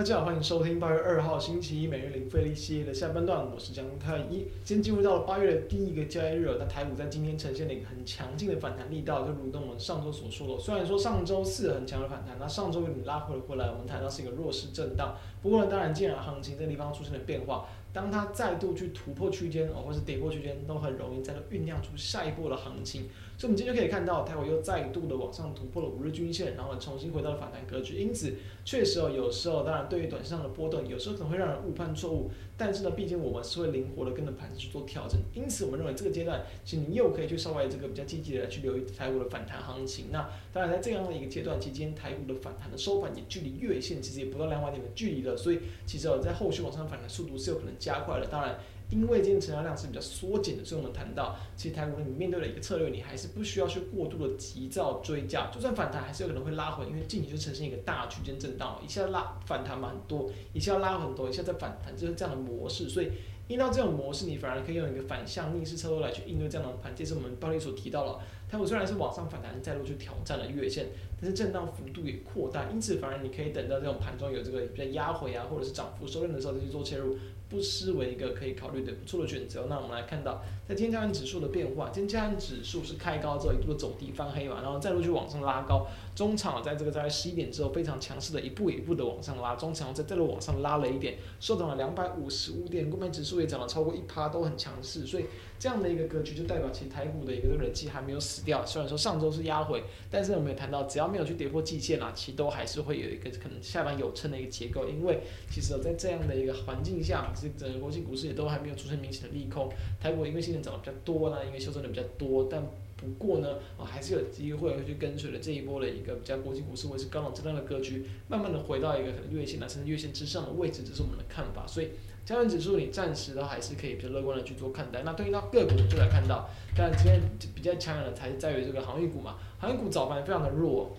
那大家好，歡迎收聽八月二號星期一每日零費力系列的下半段，我是江太一。今天進入到八月的第一個交易日，那台股在今天呈現了一個很強勁的反彈力道，就如同我們上周所說的，雖然說上周四很強的反彈，那上周拉回了過來，我們談到是一個弱勢震盪，不過呢，當然既然行情這個地方出現了變化。當它再度去突破區間哦，或是跌破區間，都很容易再度醞釀出下一波的行情。所以，我們今天就可以看到，台股又再度的往上突破了五日均線，然後呢，重新回到了反彈格局。因此，確實哦，有時候當然對於短線上的波動，有時候可能會讓人誤判錯誤。但是呢，畢竟我們是會靈活的跟着盤子去做調整。因此，我們認為這個階段其實你又可以去稍微這個比較積極的來去留意台股的反彈行情。那當然，在這樣的一個階段期間，台股的反彈的收盤也距離月線其實也不到兩百點的距離了。所以，其實哦，在後續往上反彈速度是有可能，加快了，當然。因為今天成交量是比較縮減的，所以我們談到，其實台股你面對了一個策略，你還是不需要去過度的急躁追價，就算反彈還是有可能會拉回，因為近期就呈現一個大區間震盪，一下拉反彈蠻多，一下拉很多，一下再反彈就是這樣的模式，所以遇到這種模式，你反而可以用一個反向逆勢策略來去應對這樣的盤，這是我們剛才所提到了，台股雖然是往上反彈再度去挑戰了月線，但是震盪幅度也擴大，因此反而你可以等到這種盤中有這個比較壓回啊，或者是漲幅收斂的時候再去做切入，不失為一個可以考慮。對，對，不錯的選擇。那我們來看到，在今天加權指數的變化，今天加權指數是開高之後一路走低翻黑嘛，然後再度去往上拉高。中場在這個在十一點之後非常強勢的一步一步的往上拉，中場在這再往上拉了一點，收漲了兩百五十五點，櫃買指數也漲了超過一趴，都很強勢，所以這樣的一個格局就代表其實台股的一個人氣還沒有死掉。雖然說上周是壓回，但是我們也談到，只要沒有去跌破季線啊，其實都還是會有一個可能下方有撐的一個結構。因為其實、哦，在這樣的一個環境下，其實整個國際股市也都還沒有出現明顯的利空。台股因為今年漲得比較多啦、啊，因為修正的比較多，但不過呢，我、哦、還是有機會去跟隨了這一波的一個比較國際股市或者是高冷震盪的格局，慢慢的回到一個可能月線乃、啊、至月線之上的位置，這是我們的看法。所以，加權指數你暫時都還是可以比較樂觀的去做看待。那對應到個股，我們就來看到，當然今天比較強的還是在於這個航運股嘛，航運股早盤非常的弱，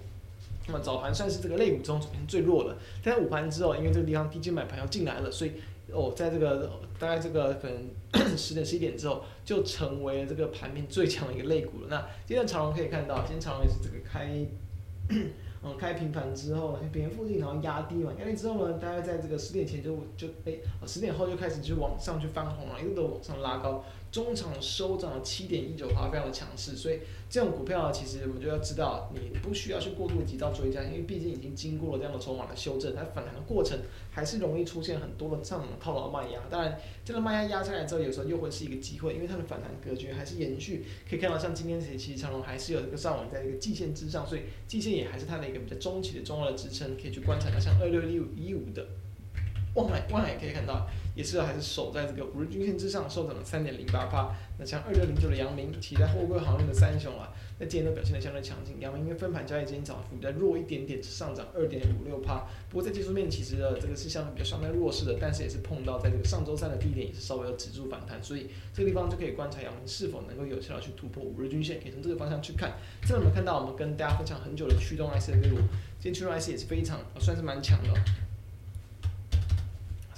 那、嗯、麼早盤算是這個類股中最弱的。但在午盤之後，因為這個地方低接買盤要進來了，所以。哦，在這個、哦、大概這個可能十點十一點之後，就成為了這個盤面最強的一個類股了。那今天長榮可以看到，今天長榮也是這個開，嗯，開平盤之後，平盤附近然後壓低嘛，壓低之後呢，大概在這個十點前就就欸，十點後就開始就往上去翻紅了，一路都往上拉高。中場收漲了七點一九，它非常的強勢，所以這種股票其實我們就要知道，你不需要去過度急躁追加，因為畢竟已經經過了這樣的籌碼的修正，它反彈的過程還是容易出現很多的這樣的套牢賣壓。當然，這個賣壓壓下來之後，有時候又會是一個機會，因為它的反彈格局還是延續。可以看到，像今天這些期，長龍還是有一個上漲在一個季線之上，所以季線也還是它的一個比較中期的重要的支撐，可以去觀察到像二六六一五的。萬海，萬海、oh oh、可以看到，也是還是守在這個五日均線之上，收漲了三點零八趴。那像二六零九的陽明，騎在貨櫃航運的三雄啊，那今天都表現的相對強勁。陽明因為分盤交易，今天漲幅比較弱一點點，上漲二點五六趴。不過在技術面，其實呃這個是相對比較相對弱勢的，但是也是碰到在這個上周三的低點，也是稍微有止住反彈。所以這個地方就可以觀察陽明是否能夠有效地去突破五日均線，可以從這個方向去看。這裡我們看到，我們跟大家分享很久的驅動 I C 的飛盧，今天驅動 I C 也是非常、哦、算是蠻強的、哦。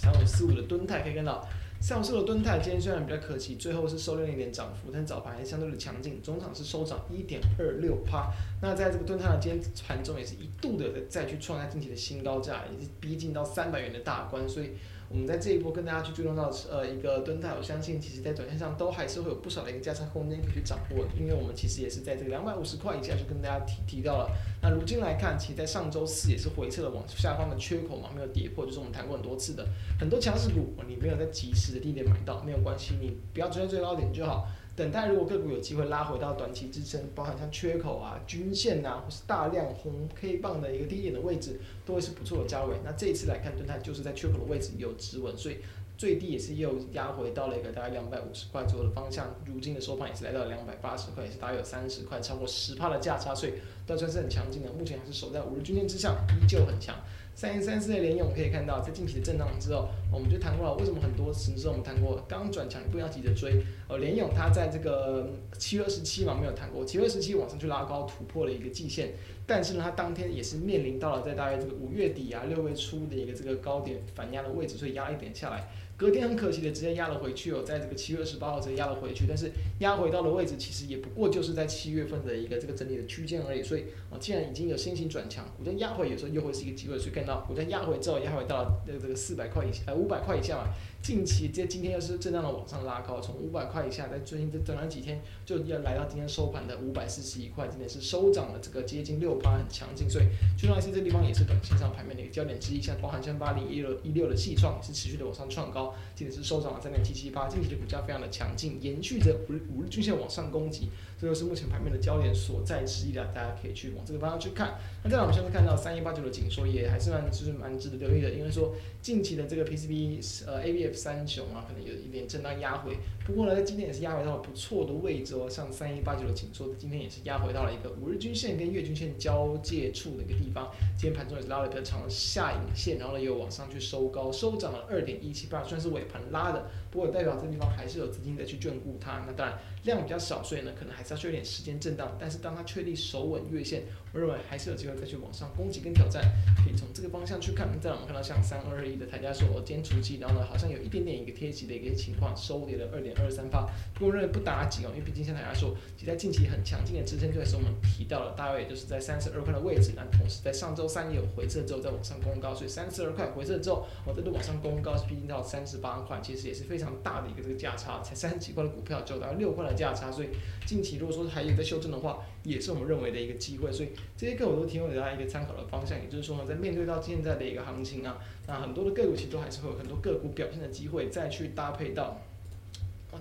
三五四五的敦泰，可以看到，三五四五的敦泰今天雖然比較可惜，最後是收斂了一點漲幅，但早盤還是相對的強勁，終場是收漲一點二六趴。那在這個敦泰呢，今天盤中也是一度的在再去創下近期的新高價，也是逼近到三百元的大關，所以。我們在這一波跟大家去追蹤到呃、一個蹲態，我相信其實在短線上都還是會有不少的一個加倉空間可以去掌握的，因為我們其實也是在這個兩百五十塊以下就跟大家提提到了。那如今來看，其實在上周四也是回撤了往下方的缺口嘛，沒有跌破，就是我們談過很多次的，很多強勢股，你沒有在及時的低點買到沒有關係，你不要追到最高點就好。等待，如果個股有機會拉回到短期支撐，包含像缺口啊、均線吶、啊，或是大量紅 K 棒的一個低點的位置，都會是不錯的價位。那這一次來看，敦泰就是在缺口的位置有止穩，所以最低也是又壓回到了一個大概兩百五十塊左右的方向。如今的收盤也是來到了兩百八十塊，也是大約有三十塊，超過十趴的價差，所以都算是很強勁的。目前還是守在五日均線之上，依舊很強。三零三四的聯詠可以看到，在近期的震盪之後，我們就談過了為什麼很多時候我們談過剛轉強不要急着追。呃，聯詠它在這個七月二十七嘛沒有談過，七月二十七往上去拉高突破了一個季線，但是呢，它當天也是面臨到了在大約這個五月底啊六月初的一個這個高點反壓的位置，所以壓一點下來。隔天很可惜的直接壓了回去哦，在這個七月二十八號直接壓了回去，但是壓回到的位置，其實也不過就是在七月份的一個這個整理的區間而已。所以，啊，既然已經有先行轉強，股價壓回有時候又會是一個機會。所以看到股價壓回之後，壓回到那這個四百塊以下，呃，五百塊以下嘛。近期這今天又是震盪的往上拉高，從五百塊以下，在最近短短幾天就要來到今天收盤的五百四十一塊，今天是收漲了這個接近六%，很強勁。所以，最重要是這地方也是短期上盤面的一個焦點之一，像包含像八零一六一六的矽創，也是持續的往上創高，今天是收漲了三點七七八，近期的股價非常的強勁，延續着五日五日均線往上攻擊，這就是目前盤面的焦點所在之一了，大家可以去往這個方向去看。那再來，我們現在看到三一八九的景碩也還是蠻就是蠻值得留意的，因為說近期的這個 PCB 呃 ABF。三雄啊，可能有一點震盪壓回。不過呢，在今天也是壓回到了不錯的位置哦。像三一八九的景碩，今天也是壓回到了一個五日均線跟月均線交界處的一個地方。今天盤中也是拉了一個長下影線，然後呢，又往上去收高，收漲了二點一七八，雖然是尾盤拉的，不過代表這地方還是有資金在去眷顧它。那當然量比較少，所以呢，可能還是要需要點時間震盪。但是當它確立守穩月線，我認為還是有機會再去往上攻擊跟挑戰，可以從這個方向去看。再讓我們看到像三二二一的台嘉碩、哦，說今天觸及，然後呢，好像有。一點點一個貼息的一個情況，收跌了二點二三八。不過認為不打緊哦，因為畢竟像大家說，其實在近期很強勁的支撐就是我們提到了，大概也就是在三十二塊的位置。但同時在上周三也有回撤之後再往上攻高，所以三十二塊回撤之後，我在這往上攻高，逼近到三十八塊，其實也是非常大的一個這個價差，才三十幾塊的股票就有大約六塊的價差。所以近期如果說還有在修正的話，也是我們認為的一個機會。所以這些個我都提供給大家一個參考的方向，也就是說呢，在面對到現在的一個行情啊，那很多的個股其實都還是會有很多個股表現的。機會再去搭配到，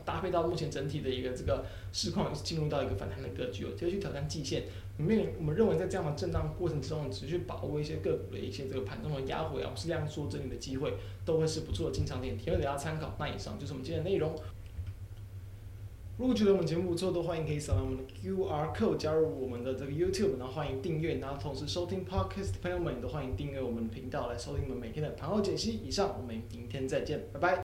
搭配到目前整體的一個這個市況進入到一個反彈的格局哦，直接去挑戰季線。我們我們認為在這樣的震盪過程之中，只去把握一些個股的一些這個盤中的壓回啊，或是量縮整理的機會，都會是不錯的進場點。提供給大家參考。那以上就是我們今天的內容。如果覺得我們節目不錯的話，歡迎可以掃描我們的 QR code 加入我們的這個 YouTube，然後歡迎訂閱，然後同時收聽 Podcast 的朋友們也都歡迎訂閱我們的頻道來收聽我們每天的盤後解析。以上，我們明天再見，拜拜。